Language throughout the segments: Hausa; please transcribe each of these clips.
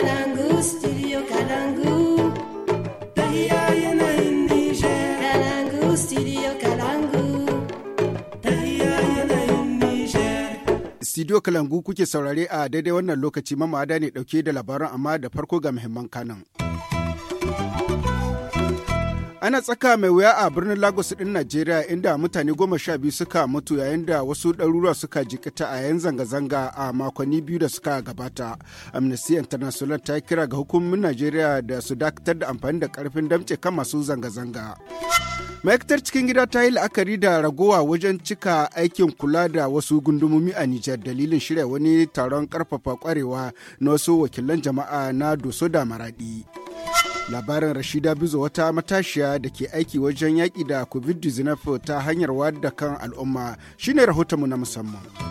Kalangu, studio Kalangu. Kalangu, Kalangu kuke saurare a daidai wannan lokaci mamada ne dauke da labaran amma da farko ga muhimman kanan. ana tsaka mai wuya a birnin lagos din najeriya inda mutane goma sha biyu suka mutu yayin da wasu ɗaruruwa suka jikita a yan zanga-zanga a makonni biyu da suka gabata amnesty international ta kira ga hukumomin najeriya da su dakatar da amfani da karfin damce kan masu zanga-zanga ma'aikatar cikin gida ta yi la'akari da ragowa wajen cika aikin kula da wasu gundumomi a nijar dalilin shirya wani taron karfafa kwarewa na wasu wakilan jama'a na doso da maraɗi. Labarin Rashida Bizo wata matashiya da ke aiki wajen yaƙi da COVID-19 ta hanyar wadda kan al'umma shine rahotonmu na musamman.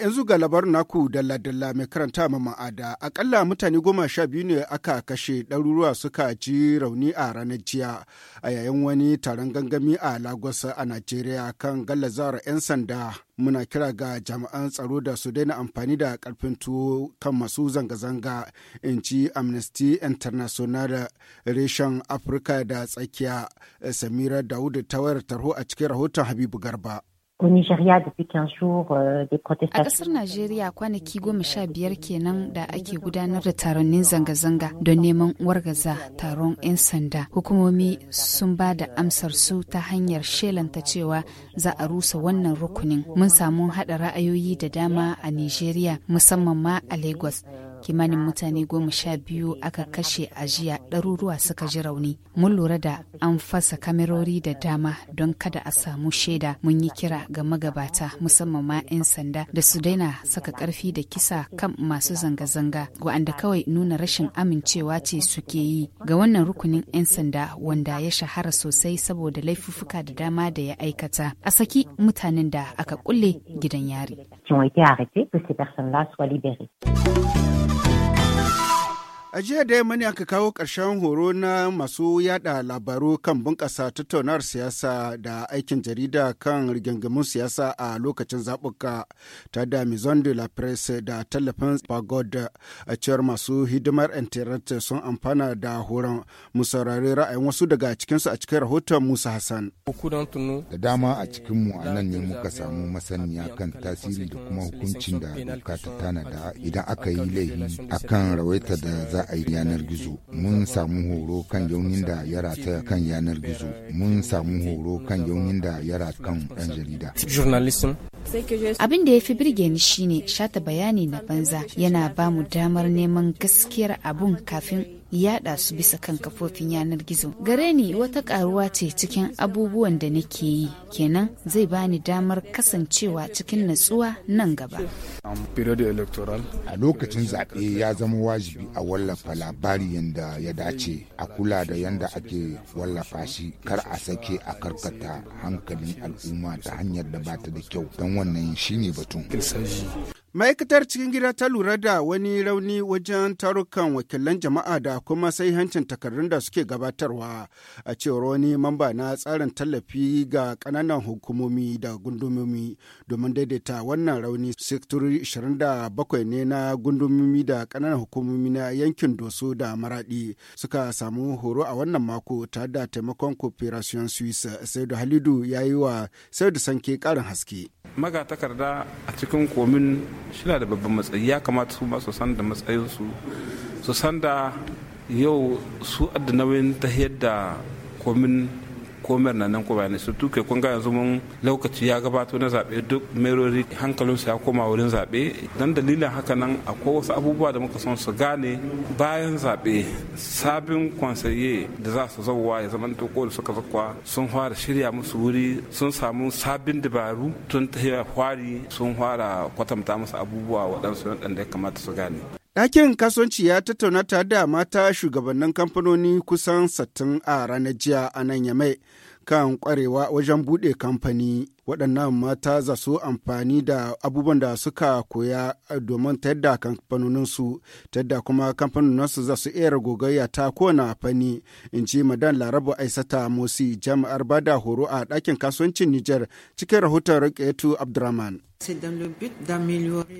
yanzu ga labarin naku dalla-dalla mai karanta ma ma'ada akalla mutane goma sha biyu ne aka kashe ɗaruruwa suka ji rauni a ranar jiya a yayin wani taron gangami a lagos a najeriya kan gallazar 'yan sanda muna kira ga jami'an tsaro da su daina amfani da karfin tuwo kan masu zanga-zanga in ji amnesty international reshen afirka da tsakiya samira dawudu ta wayar tarho a cikin rahoton habibu garba Au euh, A ƙasar Najeriya kwanaki goma sha biyar kenan da ake gudanar da taronin zanga-zanga don neman wargaza taron 'yan sanda. Hukumomi sun ba da amsar su ta hanyar shelanta cewa za a rusa wannan rukunin. Mun samu haɗa ra'ayoyi da dama a Najeriya musamman ma a Lagos. kimanin mutane goma sha biyu aka kashe a jiya ɗaruruwa suka ji rauni mun lura da an fasa kamerori da dama don kada a samu shaida mun yi kira ga magabata musamman ma 'yan sanda da su daina saka ƙarfi da kisa kan masu zanga-zanga wa'anda kawai nuna rashin amincewa ce suke yi ga wannan rukunin 'yan sanda wanda ya shahara sosai saboda laifuffuka da dama da ya aikata a saki mutanen da aka kulle gidan yari. qui ont été arrêtés, que ces personnes-là soient libérées. A jiya da yamma ne aka kawo karshen horo na masu yada labaru kan bunƙasa tattaunawar siyasa da aikin jarida kan rigingimun siyasa a lokacin zaɓuka ta da Maison de la Presse da tallafin Pagod a cewar masu hidimar internet sun amfana da horon mu saurari ra'ayin wasu daga cikinsu a cikin rahoton Musa Hassan. Da dama a cikinmu a nan ne muka samu masaniya kan tasiri da kuma hukuncin da doka ta tanada idan aka yi laifi akan rawaita da za a yi yanar gizo mun samu horo kan yaunin da ya rata kan yanar gizo mun samu horo kan yaunin da ya rata kan ɗan jarida Abin da ya fi birge ni shine shata bayani na banza yana ba mu damar neman gaskiyar abun kafin yada su bisa kan kafofin yanar gizo. Gare ni wata karuwa ce cikin abubuwan da nake yi, kenan zai bani damar kasancewa cikin natsuwa nan gaba. A lokacin zaɓe ya zama wajibi a wallafa labari yadda ya dace, a kula da yadda ake wallafa shi, kar a sake a karkata hankalin al'umma ta hanyar da bata da kyau wannan shine batun Ma'aikatar cikin gida ta lura da wani rauni wajen tarukan wakilan jama'a da kuma sai hancin takardun da suke gabatarwa a cewar wani mamba na tsarin tallafi ga kananan hukumomi da gundumomi domin daidaita wannan rauni sektori 27 ne na gundumomi da kananan hukumomi na yankin doso da maradi suka samu horo a wannan mako ta da taimakon cooperation swiss saidu halidu ya yi wa saidu sanke karin haske magatakarda a cikin komin shina da babban matsayi ya kamata su ma su san da matsayinsu su san da yau su adda nauyin ta yadda komin komai na nan kuma ne surtout ke kun ga yanzu mun lokaci ya gabato na zaɓe duk merori hankalinsu ya koma wurin zaɓe dan dalilin haka nan akwai wasu abubuwa da muka son su gane bayan zaɓe sabin kwansaye da za su zauwa ya zama ko da suka zakwa sun fara shirya musu wuri sun samu sabin dabaru tun ta hwari sun fara kwatanta musu abubuwa waɗansu waɗanda ya kamata su gane Ɗakin kasuwanci ya tattauna tare da mata shugabannin kamfanoni kusan sattin a ranar jiya a nan mai kan kwarewa wajen buɗe kamfani. Waɗannan mata za su amfani da abubuwan da suka koya domin ta yadda kamfanoninsu, ta yadda kuma kamfanoninsu za su iya gogayya ta kowane fani, in ji Madan Larabu Aisata Mosi jami'ar bada horo a ɗakin kasuwancin Nijar cikin rahoton Rukayetu Abdurrahman.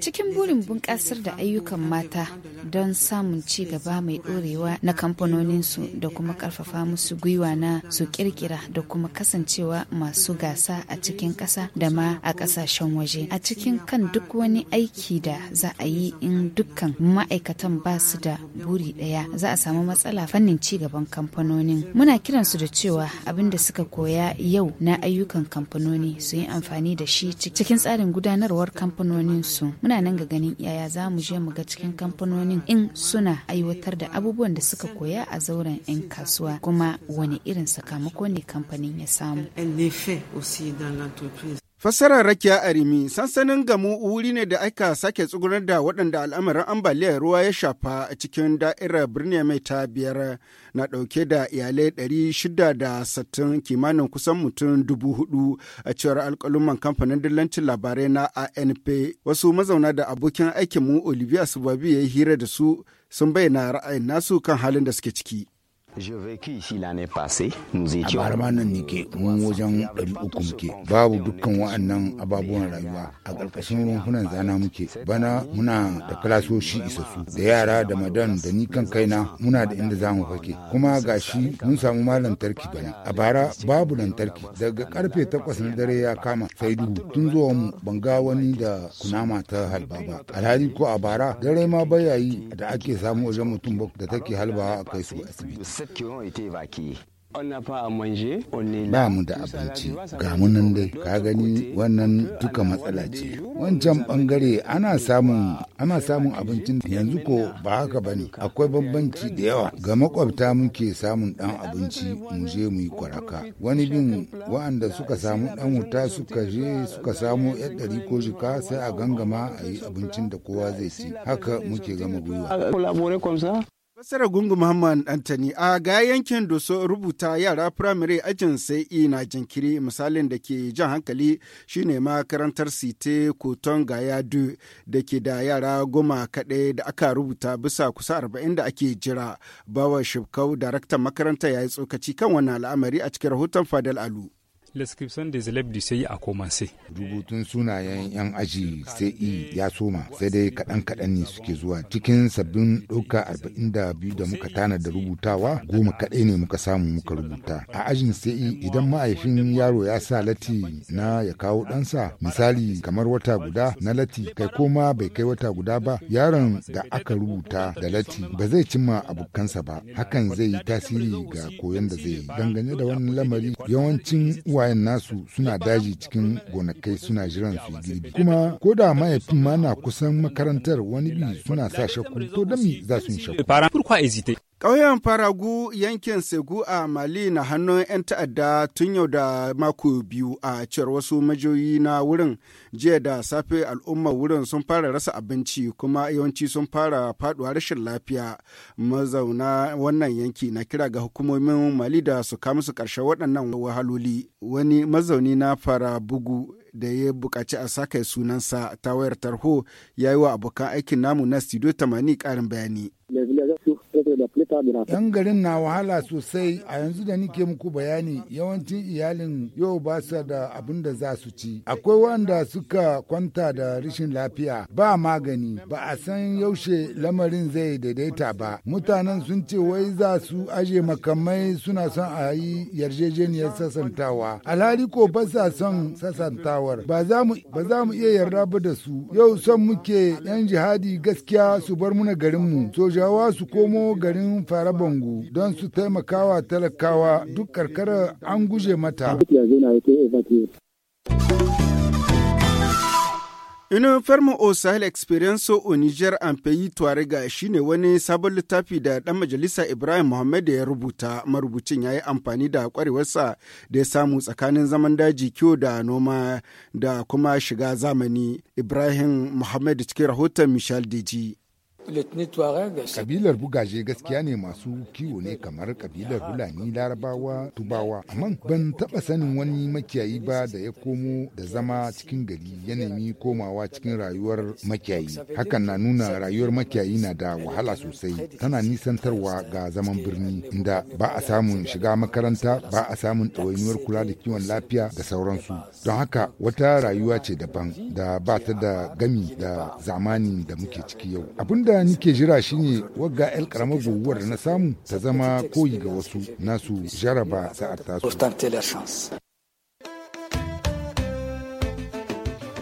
Cikin burin bunƙasar da ayyukan mata don samun ci gaba mai ɗorewa na kamfanoninsu da kuma ƙarfafa musu gwiwa na su ƙirƙira da kuma kasancewa masu gasa a cikin ƙasa da ma a ƙasashen waje. A cikin kan duk wani aiki da za a yi in dukkan ma'aikatan ba su da buri ɗaya za a samu matsala fannin ci gaban kamfanonin. Muna kiransu da cewa abin da suka koya yau na ayyukan kamfanoni su yi amfani da shi cikin tsarin gudanar gudanarwar kamfanonin su muna nan ga ganin yaya za mu je mu ga cikin kamfanonin in suna aiwatar da abubuwan da suka koya a zauren 'yan kasuwa kuma wani irin sakamako ne kamfanin ya samu Fassarar rakiya a Rimi, sansanin gamu wuri ne da aka sake tsugunar da waɗanda al'amarin ambaliyar ruwa ya shafa a cikin da'irar birni mai ta biyar na ɗauke da iyalai 660 kimanin kusan mutum dubu hudu a cewar alƙaluman kamfanin dillancin labarai na ANP. Wasu mazauna da abokin aikinmu Olivia Subabi ya yi hira da su sun bayyana ra'ayin nasu kan halin da suke ciki. a barma nan nike mun wajen 300 muke babu dukkan wa'annan ababuwan rayuwa a ƙarƙashin rumfunan zana muke bana muna da kalasoshi isassu da yara da madan da ni kan kaina muna da inda zamu fake kuma gashi mun samu ma lantarki bana a bara babu lantarki daga karfe 8 na dare ya kama sai duhu tun zuwa mu ban ga wani da kunama ta halba ba alhali ko a bara dare ma bayayi da ake samu wajen mutum da take halbawa a kai su asibiti ba mu da abinci ga munan dai ka gani wannan duka matsala ce wancan bangare ana samun ana samun yanzu ko ba haka bane akwai bambanci da yawa ga makwabta muke samun dan abinci mu je mu yi kwaraka wani bin wa'anda suka samu dan wuta suka je suka samu yar dari ko jika sai a gangama a yi abincin da kowa zai ci haka muke gama gwiwa Fasara Gungu Muhammad Antani a ga yankin Doso rubuta yara firamare ajin sai e na jinkiri misalin da ke jan hankali shine makarantar Site Koton Gayadu da ke da yara goma kaɗai da aka rubuta bisa kusa arba'in da ake jira. Bawa Shibkau daraktan makaranta ya yi tsokaci kan wani al'amari a cikin rahoton Fadal Alu. L'inscription da zileb du sai a sai. Rubutun sunayen 'yan aji sai i ya soma sai dai kaɗan-kaɗan ne suke zuwa cikin sabbin ɗauka 42 da biyu da muka tana da rubutawa goma kaɗai ne muka samu muka rubuta. A ajin sai idan ma'aifin yaro ya sa lati na ya kawo ɗansa misali kamar wata guda na lati kai koma bai kai wata guda ba yaron da aka rubuta da lati ba zai cimma abokansa ba hakan zai yi tasiri ga koyon da zai yi dangane da wani lamari yawancin uwa kwayan nasu suna daji cikin gonakai suna jiran su girbi. Kuma ko da mahaifin ma na kusan makarantar wani bi suna sa shakku to dami za su yi shakku. Ƙauyen Faragu yankin Segu a Mali na hannun 'yan ta'adda tun yau da mako biyu a cewar wasu majoyi na wurin jiya da safe al'ummar wurin sun fara rasa abinci kuma yawanci sun fara faduwa rashin lafiya mazauna wannan yanki na kira ga hukumomin Mali da su kama su ƙarshen waɗannan wahaloli wani mazauni na fara bugu da ya buƙaci a saka sunansa ta wayar tarho ya yi wa abokan aikin namu na studio 80 ƙarin bayani. Yan garin na wahala sosai a yanzu da nike muku bayani yawancin iyalin yau ba su da abin da za su ci. Akwai wanda suka kwanta da rashin lafiya ba magani ba a san yaushe lamarin zai daidaita ba. Mutanen sun ce wai za su aje makamai suna son a yi yarjejeniyar sasantawa. Alhali ko ba sa son sasantawar ba za mu iya yarda ba da su yau son muke yan jihadi gaskiya su bar muna garinmu sojawa su komo garin 'yan fara bango don su taimakawa talakawa duk karkara an guje mata. Une ferme o Sahel Experience o Niger en pays Tuarega shine wani sabon littafi da ɗan majalisa Ibrahim Mohammed ya rubuta marubucin ya yi amfani da ƙwarewarsa da ya samu tsakanin zaman daji kiwo da noma da kuma shiga zamani Ibrahim muhammad cikin rahoton Michel Deji. Kabilar bugaje gaskiya ne masu kiwo ne kamar kabilar Fulani Larabawa Tubawa. Amma ban taba sanin wani makiyayi ba da ya komo da zama cikin gari ya nemi komawa cikin rayuwar makiyayi. Hakan na nuna rayuwar makiyayi na da wahala sosai. Tana nisantarwa ga zaman birni inda ba a samun shiga makaranta ba a samun ɗawainiyar kula da kiwon lafiya da sauransu. Don haka wata rayuwa ce daban da ba ta da gami da zamani da muke ciki yau. da nike jira shine wagga 'yan karamar guguwar na samu ta zama koyi ga wasu nasu jaraba sa'ar tasu.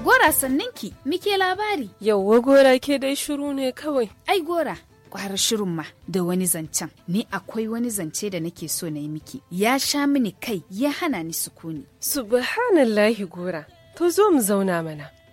Gora sanninki, muke labari. Yauwa gora ke dai shiru ne kawai. Ai gora, kwara shirin ma da wani zancen ni akwai wani zance da nake so na yi miki ya sha mini kai ya hana ni sukuni subhanallahi gora to zo mu zauna mana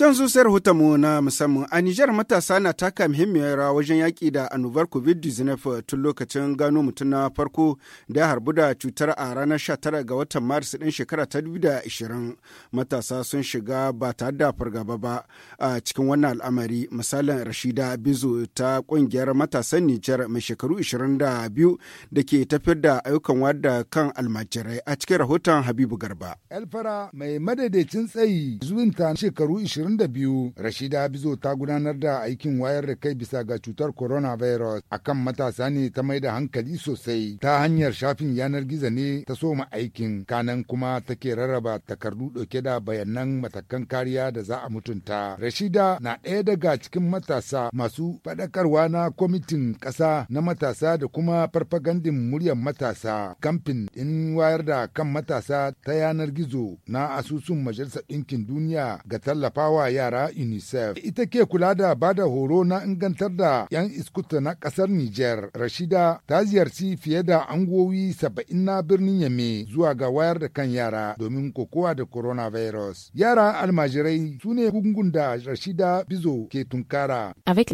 Don zusar mu na musamman a Nijar matasa na taka muhimmiyar rawa wajen yaƙi da annobar COVID-19 tun lokacin gano mutum na farko da harbu da cutar a ranar 19 ga watan Maris ɗin shekara ta 2020. Matasa sun shiga ba tare da fargaba ba a cikin wannan al'amari misalin Rashida Bizu ta ƙungiyar matasan Nijar mai shekaru 22 da ke tafiyar da ayyukan wada kan almajirai a cikin rahoton Habibu Garba. Alfara mai madaidaicin tsayi zuwinta shekaru 20 22 Rashida bizo ta gudanar da aikin wayar da kai bisa ga cutar coronavirus a kan matasa ne ta mai da hankali sosai ta hanyar shafin yanar gizo ne ta soma aikin kanan kuma take rarraba takardu dauke da bayanan matakan kariya da za a mutunta. Rashida na ɗaya daga cikin matasa masu faɗakarwa na kwamitin ƙasa na matasa da kuma farfagandin muryar matasa kamfin in wayar da kan matasa ta yanar gizo na asusun majalisar ɗinkin duniya ga tallafawa wa yara UNICEF. Ita ke kula da bada horo na ingantar da 'yan iskuta na kasar niger Rashida ta ziyarci fiye da angowi saba'in na birnin Yame zuwa ga wayar da kan yara domin kokowa da coronavirus. Yara almajirai su ne gungun da Rashida Bizo ke tunkara. Avec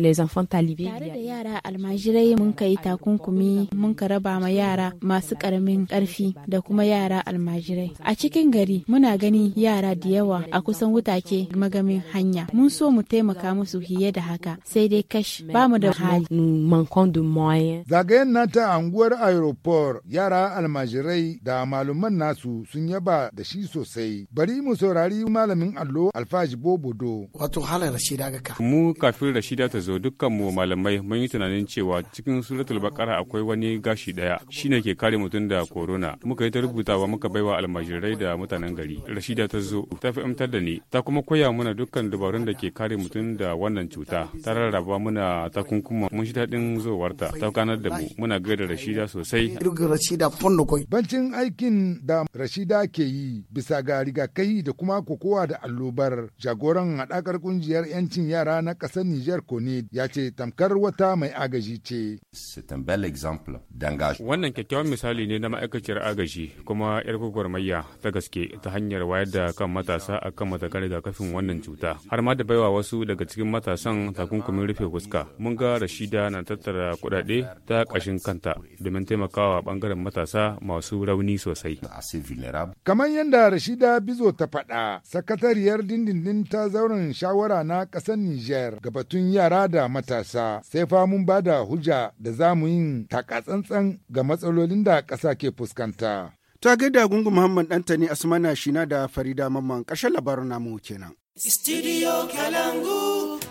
Tare da yara almajirai mun kai takunkumi mun ka raba ma yara masu ƙaramin ƙarfi da kuma yara almajirai. A cikin gari muna gani yara da yawa a kusan ke magami min hanya mun so mu taimaka musu fiye da haka sai dai kashi ba mu da hali zagayen nata anguwar aeroport yara almajirai da malaman nasu sun yaba da shi sosai bari mu saurari malamin allo alfaji bobodo wato halar rashida ga ka mu kafin rashida ta zo dukkan mu malamai mun yi tunanin cewa cikin suratul bakara akwai wani gashi daya shine ke kare mutum da korona. muka yi ta rubutawa muka baiwa almajirai da mutanen gari rashida ta zo ta fi amtar da ni ta kuma koya mana duk dukkan dabarun da ke kare mutum da wannan cuta ta rarraba muna takunkuma mun shi daɗin zowarta ta kanar da mu muna gaida rashida sosai bancin aikin da rashida ke yi bisa ga rigakai da kuma kokowa da allobar jagoran haɗakar kungiyar 'yancin yara na ƙasar nijar kone ya ce tamkar wata mai agaji ce wannan kyakkyawan misali ne na ma'aikaciyar agaji kuma 'yar gwagwarmaya ta gaske ta hanyar wayar da kan matasa akan matakan rigakafin wannan cuta cuta har ma da baiwa wasu daga cikin matasan takunkumin rufe fuska mun ga rashida na tattara kudade ta kashin kanta domin taimakawa bangaren matasa masu rauni sosai kamar yadda rashida bizo ta faɗa sakatariyar dindindin ta zauren shawara na ƙasar niger ga batun yara da matasa sai fa mun ba da hujja da za mu yin takatsantsan ga matsalolin da ƙasa ke fuskanta ta gaida gungun muhammad ɗantani asmana shina da farida mamman ƙarshen labarin namu kenan Studio Kalangu.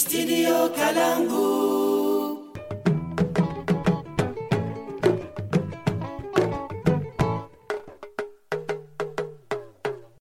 Studio Kalangu.